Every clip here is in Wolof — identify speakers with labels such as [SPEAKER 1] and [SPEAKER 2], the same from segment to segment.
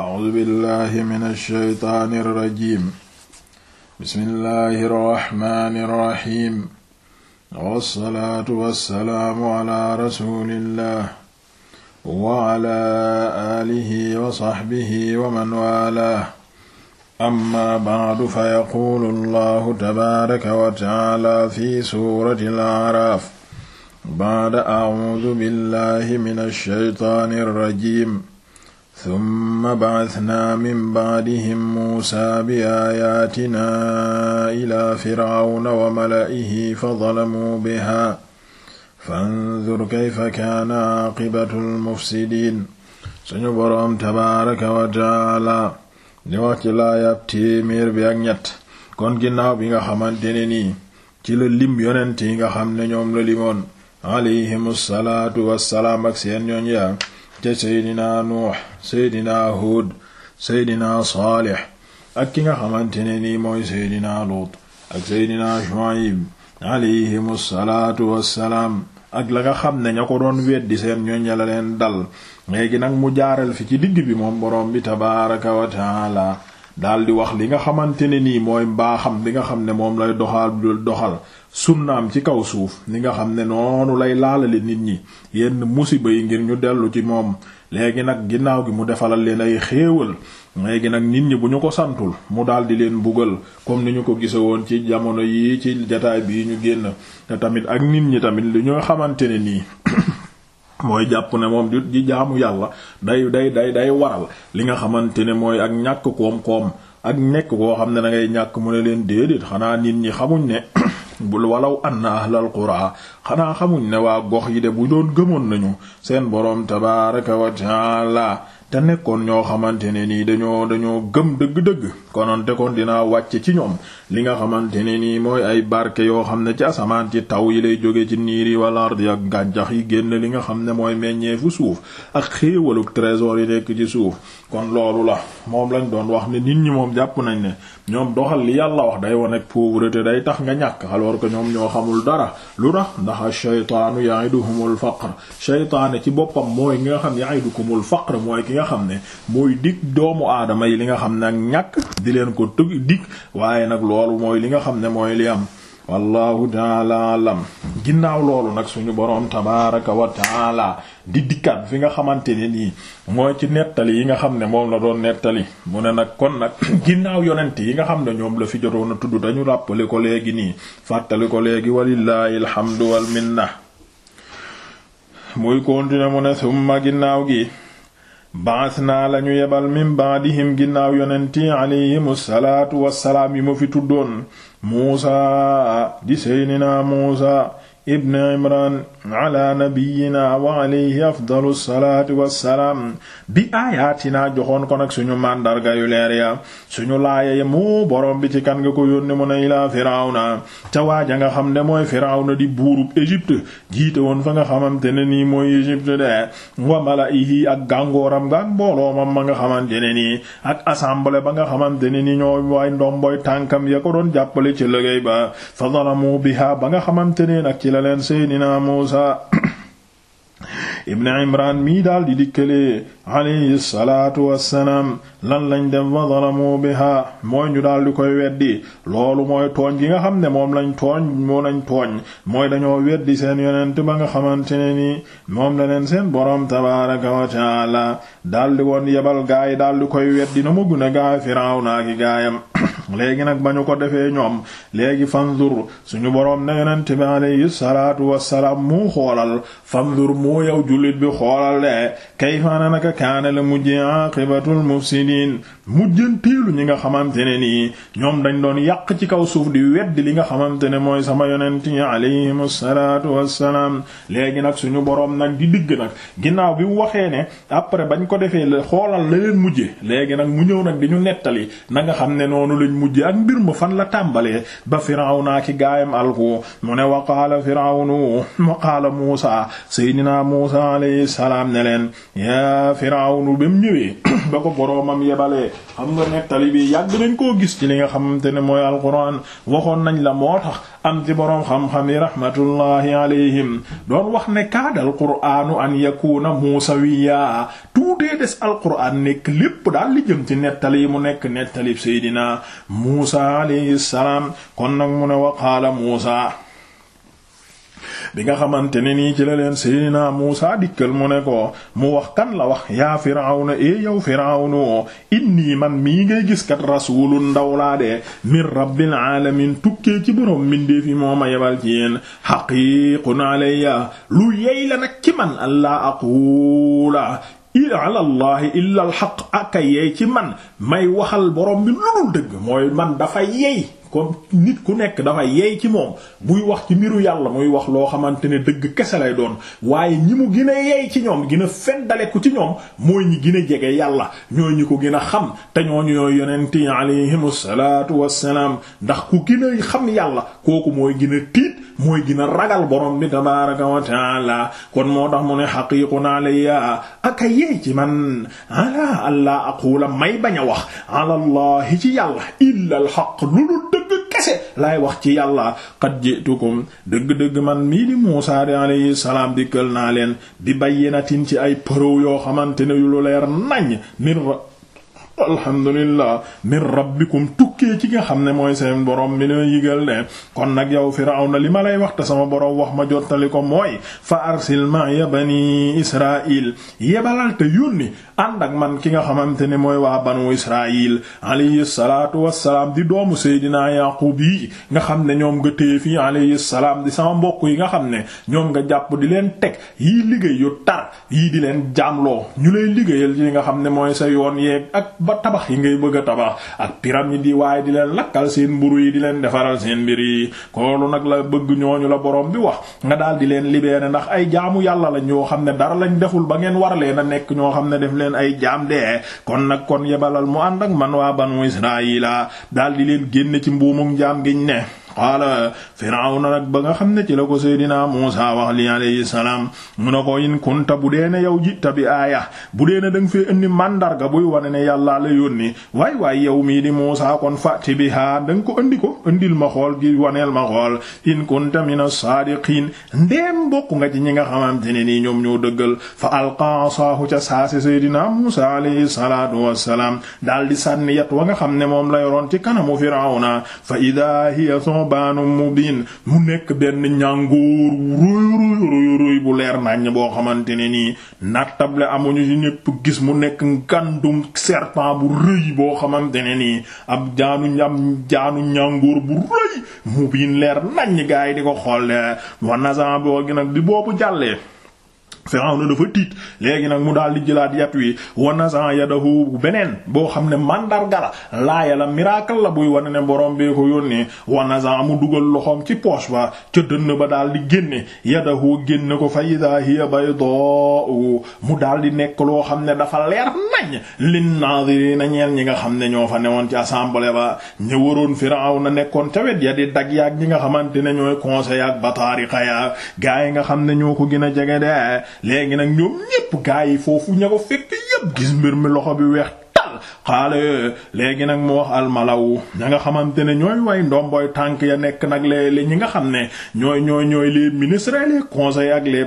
[SPEAKER 1] A'uuzu billahi mina shaytaani rajiim. Bismillahi rahmaani rahiim. Wassalaatu wassalaamu ala rasuulillah. Wa ala aalihi wa sahbihi wa man waalaah. Amma ba'du fa yaquulu Allahu tabaaraka wa ta'aala fi suuratil A'raaf. Ba'da a'uuzu billahi mina shaytaani rajiim. summa bacasnaa min bacdihim muusaa bi aayaatinaa ilaa firawna wa mala'ihi fa dalamuu bihaa fanzur kayfa kaana caaqibatu almufsidiin suñu boroom tabaaraka wa taala di wax ci laayab téeméer bi ak ñett kon ginnaaw bi nga xamante ne nii ci la lim yonent yi nga xam ne ñoom la limoon alayhim salaatu wassalaam ak seen ñooñ yaa te seydinaa nuux seydinaa huud seydinaa saalix ak ki nga xamante ne nii mooy seydinaa luut ak seydinaa shuayb alayhimu salaatu wassalaam ak la nga xam ne ña ko doon weddi seen ñoñ la leen dal léegi nag mu jaareel fi ci digg bi moom boroom bi tabaaraka wa taala daldi wax li nga xamante ne nii mooy mbaaxam li nga xam ne moom lay doxal dul doxal sunnaam ci kaw suuf ni nga xam ne noonu lay laalali nit ñi yenn musiba yi ngir ñu dellu ci moom léegi nag ginnaaw gi mu defalal leen ay xéewal léegi nag nit ñi bu ñu ko santul mu daldi leen bugal comme ni ñu ko gise woon ci jamono yi ci jataay bii ñu génn te tamit ak nit ñi tamit li ñoo xamante ne nii mooy jàpp ne moom di di jaamu yàlla day day day day waral li nga xamante ne mooy ak ñàkk koom-koom ak nekk koo xam ne da ngay ñàkk mu ne leen déedéet xanaa nit ñi xamuñ ne bul walaw anna ahlal qura xanaa xamuñ ne waa gox yi de bu doon gëmoon nañu seen boroom tabaaraka wa taala te nekkoon ñoo xamante ne nii dañoo dañoo gëm dëgg-dëgg kononte kon dina wàcc ci ñoom li nga xamante ne nii mooy ay barke yoo xam ne ci asamaan ci taw yi lay jóge ci niir yi wala ardi ak gàncax yi génn li nga xam ne mooy meññee meññeefu suuf ak xéewaluk trésor yi nekk ci suuf kon loolu la moom lañ doon wax ne nit ñi moom jàpp nañ ne ñoom doxal li yàlla wax day wane pauvreté day tax nga ñàkk alors ko ñoom ñoo xamul dara lu tax ndax shaytaanu ya'iduhumul faqr shaytaan ci xam ne mooy dig doomu aadama yi li nga xam ne ak ñàkk di leen ko tug dig waaye nag loolu mooy li nga xam ne mooy li am wallahu taala alam ginnaaw loolu nag suñu boroom tabaraka wa taala di dikkaat fi nga xamante ni nii mooy ci nettali yi nga xam ne moom la doon nettali mu ne nag kon nag ginnaaw yonent yi nga xam ne ñoom la fi jotoon a tudd dañu ràppali ko léegi nii fàttali ko léegi walillahi alhamdu wal minna muy continuer mu ne summa ginnaaw gi baas naa lañu yebal min baadihim ginnaaw yonent yi alayhimu salaatu wassalaam yi ma fi tuddoon muusa di seydinaa muusa ibn imran ala nabiyina wa alayhi afdalu salaatu wassalaam bi aayaatinaa joxoon ko nag suñu màndarga yu leer ya suñu laaya ya mu borom bi ci kan nga ko yónni mu ne ilaa firawna ca waaja nga xam ne mooy firawna di buurub Égypte jiite woon fa nga xamante ne nii mooy Égypte de wa malaihi ak gàngooram nga ak mbooloomam ma nga xamante ne nii ak assemblée ba nga xamante ne nii ñoo waay ndomboy tànkam ya ko doon jàppale ci liggéey ba fa zalamu biha ba nga xamante la leen seydinaa Muusaa ibn imran mii daal di dikkalee lan lañ dem fa zalamu biha mooy ñu daal di koy weddi loolu mooy tooñ gi nga xam ne moom lañ tooñ mooy dañoo weddi seen yonent ba nga xamante ne nii moom la leen seen boroom tabaaraka wa taala daal di yebal gaay daal koy weddi na mu gën a gaay Firawna gi gaayam léegi nag ba ñu ko defee ñoom léegi fanzur suñu boroom na yonent bi alayhi salaatu wassalaam mu xoolal fa fanzur mu yow jullit bi xoolal de kayfa na naka kaana la mujjee aqibatul mufsidiin mujjanteelu ñi nga xamante ne nii ñoom dañ doon yàq ci kaw suuf di li nga xamante ne mooy sama yonent yi alayhimu salaatu wassalaam léegi nag suñu boroom nag di digg nag ginnaaw bi waxee ne après bañ ko defee la xoolal la leen mujje léegi nag mu ñëw nag di ñu nettali na nga xam ne noonu lañ mujj ak mbir ma fan la tàmbalee ba firawna ki gaayam alku mu ne wa qaala firawnu wa qaala muusa seydinaa muusa alayhi salaam yaa firawnu ba mu ba ko boroomam yebalee xam nga nettali bi yàgg nañ koo gis ci li nga xamante ne mooy alquran waxoon nañ la moo am ci boroom xam-xam yi doon wax ne kaadal qur'aanu an yakuna muusawiya tuutee des alqur'aan nekk lépp daal li jëm ci nettali mu nekk nettali seydina muusa alayhi salaam kon nag mu ne wa qaala bi nga xamante ne nii ci la leen Seydina Muusaa dikkal mu ko mu wax kan la wax yaa Firawna e yow Firawnu inni man mii ngay gis kat ndaw laa de min rabbil alamin tukkee ci borom mbindeef yi moo ma yebal ci yéen haqiiqun alayya la nag ci man allah aqula ala allahi illa al haqq aka yey ci man may waxal borom bi lu dul dëgg mooy man dafa yey comme nit ku nekk dafa yeey ci moom buy wax ci mbiru yàlla muy wax loo xamante ne dëgg kese lay doon waaye ñi mu gën a yeey ci ñoom gën a fendaleku ci ñoom mooy ñi gën a jege yàlla ñoo ñi ko gën a xam te ñooñu ñooy yonent yi alayhimu salaatu wassalaam ndax ku gën xam yàlla kooku mooy gën a tiit mooy gën a ragal borom bi tabaaraka wa taala kon moo tax mu ne xaqiiqun alayya ak a yeey man ala allah aqula may bañ a wax ala ci yàlla illa al haqq lulu kese laay wax ci yàlla qad ji'tukum dëgg-dëgg man mii di Muusaa di alayhi salaam dikkal naa leen bi bayyinatin ci ay preuve yoo xamante ne yu lu leer nañ min alhamdulillah min rabbikum tukkee ci nga xam ne mooy seen borom bi na yigal de kon nag yow Firawna li ma lay wax te sama borom wax ma jottali ko mooy fa arsil ma'iya bani israil yebalal te yónni ànd ak man ki nga xamante ne mooy waa banu israil alayhi salaatu wassalaam di doomu Seydina Yaqub yi nga xam ne ñoom nga téye fii alayhi salaam di sama mbokk yi nga xam ne ñoom nga jàpp di leen teg yii liggéey yu tar yii di leen jaamloo ñu lay liggéeyal ci nga xam ne mooy sa yoon yeeg ak ba tabax yi ngay bëgg a tabax ak pyramide yi waaye di leen lakkal seen mburu yi di leen defaral seen mbir yi koolu nag la bëgg ñooñu la borom bi wax nga daal di leen libéré ndax ay jaamu yàlla lañ ñoo xam ne dara lañ deful ba ngeen waraleen a nekk ñoo xam ne def leen ay jaam dee kon nag kon yebalal mu ànd ak man waa banu israila daal di leen génne ci mbuumum jaam giñ ne xaala Firawna nag ba nga xam ne ci la ko Seydina Muusaa wax li salaam mu ne ko in kunta bu dee ne yow jitta bi aaya bu dee ne danga fee indi màndarga buy wane ne yàllaa la yónni waay waay yow mii di Muusaa kon fàtti bi haa danga ko indi ko indil ma xool gi waneel ma xool in kunta mina saadiqiin ndeem bokk nga ci ñi nga xamante ne nii ñoom ñoo dëggal fa alqa asaahu ca saase Seydina Muusaa alayhi salaatu wassalaam daal di sànni yat wa nga xam ne moom la yoroon ci kanamu mubin mu nekk benn ñàngoor ruy ruy ruy bu leer nañ boo xamante ne nii nattable amuñu ci ñépp gis mu nekk ngàndum serpent bu rëy boo xamante ne nii ab jaanu am jaanu ñàngoor bu rëy mubin leer nañ gaay di ko xool wa nasan boo gi nag bi boobu jàllee Firawna dafa tiit léegi nag mu daal di jëlaat yat wi wanasa yadahu beneen boo xam ne mandarga la la miracle la buy wane ne borom bee ko yónnee wanasa mu dugal loxoom ci poche ba ca dënn ba daal di génne yadahu génne ko fa idaa hiya baydaa'u mu daal di nekk loo xam ne dafa leer nañ lin na ñeel ñi nga xam ne ñoo fa newoon ci assemblée ba ñu waroon na nekkoon ca wet ya di dag yaag ñi nga xamante ne ñooy conseil ak bataariqa ya gaa yi nga xam ne ñoo ko gën a jege de léegi nag ñoom ñépp gaa yi foofu ña ko fekk yépp gis mbir mi loxo bi weex tal xaala léegi nag mu wax almalawu ña nga xamante ne ñooy way ndomboy tànk ya nekk nag le ñi nga xam ne ñooy ñooy ñooy les ministres et les conseillers ak les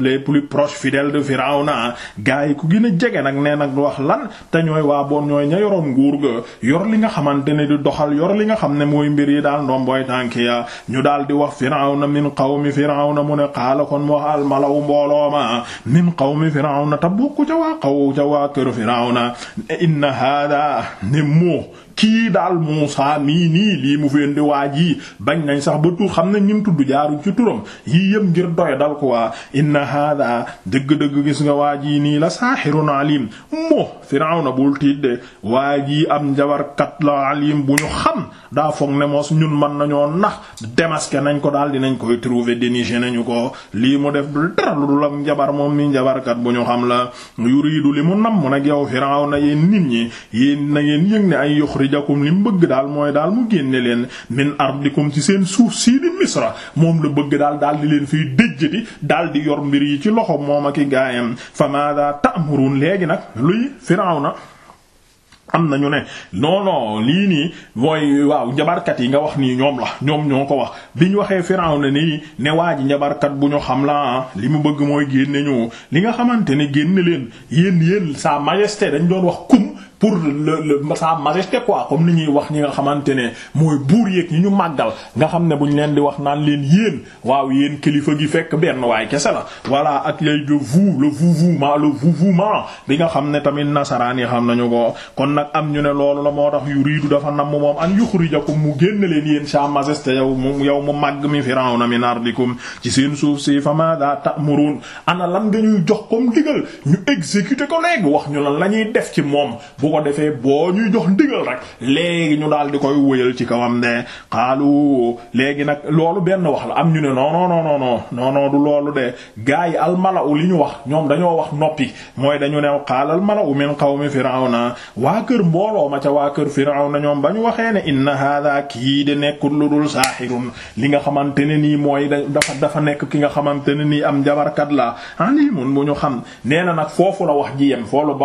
[SPEAKER 1] les plus proches fidèles de Firawna gars yi ku gën a jege nag nee nag wax lan te ñooy waa boon ñooy ña yoroon nguur ga yor li nga xamante ne di doxal yor li nga xam ne mooy mbir yi daal ndomboy tànk ya ñu daal di wax Firawna min qawmi Firawna mu ne xaala kon mu wax almalawu mbooloo ma min qawmi Firawna te bokku ca waa xaw ca waa kër Firawna inna hada ne moo kii daal Muusaa mii nii lii mu fi indi waaj yi bañ nañ sax ba tur xam nañ ñim tudd jaaruñ ci turam yii yëpp ngir doy dal ko waa inna hada dëgg-dëgg gis nga waaj yi nii la saaxirun alim moo Firawna bul tiit de waaj yi am njabarkat la alim bu ñu xam daa foog ne moos ñun mën nañoo nax démasqué nañ ko daal di nañ koy trouver déniché nañu ko lii mu def du dara lu dul ak njabar moom ni njabarkat bu ñu xam la yuriidu li mu nam nag yow Firawna yéen nit ñi yéen na yuxrijakum li mu bëgg daal mooy daal mu génne leen min ardikum ci seen suuf sii di misra moom la bëgg daal daal di leen fiy déjjati daal di yor mbir yi ci loxo moom ak i gaayam fa maada ta'murun léegi nag luy Firawna am na ñu ne non lii nii mooy waaw njabarkat yi nga wax nii ñoom la ñoom ñoo ko wax bi ñu waxee Firawna nii ne waa ji njabarkat bu ñu xam la li mu bëgg mooy génne ñu li nga xamante ne génne leen yéen yéen sa majesté dañ doon wax kum pour le le sa majesté quoi comme ni ñuy wax ñi nga xamante ne mooy buur yeeg ñi ñu màggal nga xam ne bu ñu leen di wax naan leen yéen waaw yéen kilifa gi fekk benn waaye kese la voilà ak lay le vous le vouvoiement le ma bi nga xam ne tamit nasaraan yi xam nañu ko kon nag am ñu ne loolu la moo tax yu riidu dafa nam moom an yuxrijakum mu génn leen yéen sa majesté yow mu yow mu màgg mi firawna min ardikum ci seen suuf si fa ma da ta'murun ana lan nga ñuy jox comme digal ñu exécuter wax ñu lan la ñuy def ci moom ko defee boo ñuy jox ndigal rek léegi ñu daal di koy wëyal ci kawam ne xaalu léegi nag loolu benn wax la am ñu ne non non non non non non du loolu de gaa yi almalaw li ñu wax ñoom dañoo wax noppi mooy dañu ne xaalal malaw min qawmi firawna waa kër mbooloo ma ca waa kër firawna ñoom ba ñu waxee ne inna hada kii di nekkul lu dul saaxirun li nga xamante ne nii mooy dafa dafa nekk ki nga xamante ne nii am jabarkat la alimun bu ñu xam nee na nag foofu la wax ji yem foolu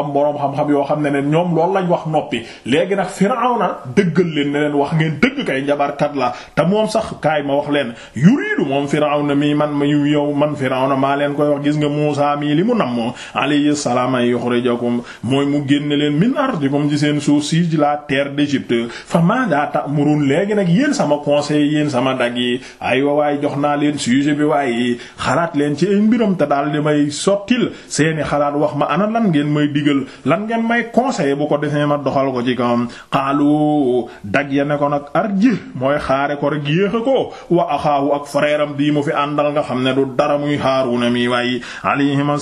[SPEAKER 1] yoo xam ne loolu lañ wax noppi léegi nag Firawna dëggal leen ne leen wax ngeen dëgg kay njabarkat la te moom sax kaay ma wax leen yuri du moom Firawna mi man ma yu yow man Firawna maa leen koy wax gis nga Muusaa mii li mu namm alayhi salaam ay yuxrijakum mooy mu génne leen min ardikum ci seen suuf si ci la terre d'Égypte fa maada ta'murun léegi nag yéen sama conseil yéen sama dag yi aywa waay jox naa leen sujet bi waaye xalaat leen ci ay mbiram te daal di may sottil seeni xalaat wax ma ana lan ngeen may digal lan ngeen may conseil bu ko defee ma doxal ko ci kawam xaalu dag ya ne ko nag arji a frèram bii mu fi àndal nga xam ne du dara muy Haaruna mi waaye alayhim wa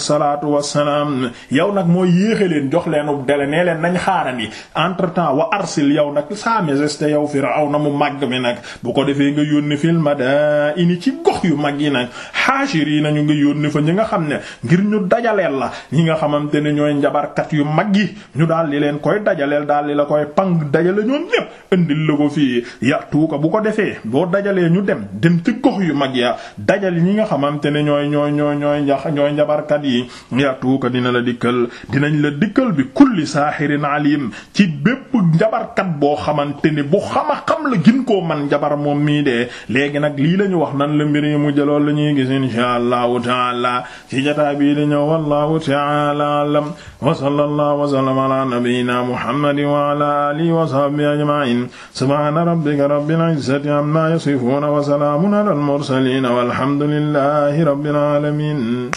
[SPEAKER 1] wassalaam yow nag mooy yéexe leen jox leenub dele nee leen nañ xaarandi entre temps wa arsil yow nag sa majesté yow na mu màgg mi nag bu ko defee nga yónni fil madaini ci gox yu mag yi nag xaashiri nañu ngi yónni fa ñi nga xam ne ngir ñu dajaleel la ñi nga xamante ne ñooy njabarkat yu mag yi ñu daal di leen koy dajaleel daal di la koy pang dajale ñoom ñépp indil la ko fii yartuuka bu ko defee boo dajalee ñu dem dem ci gox yu mag ya dajal ñi nga xamante ne ñooy ñooy ñooy ñooy njabarkat yi yartuuka dina la dikkal dinañ la dikkal bi kulli saaxirin alim ci bépp njabarkat boo xamante ni bu xama xam la gin koo man njabar moom mii de léegi nag lii lañu wax nan la mbir mu jëloon la ñuy insha allahu taala ci jataa bii di ñëw wallahu taala alam wa sallallahu wa sallama ala nabiyyina muhammadin wa ala alihi wa sahbihi ajma'in subhana rabbika rabbil izzati amma yasifun wa salamun ala al mursalin walhamdulillahi rabbil alamin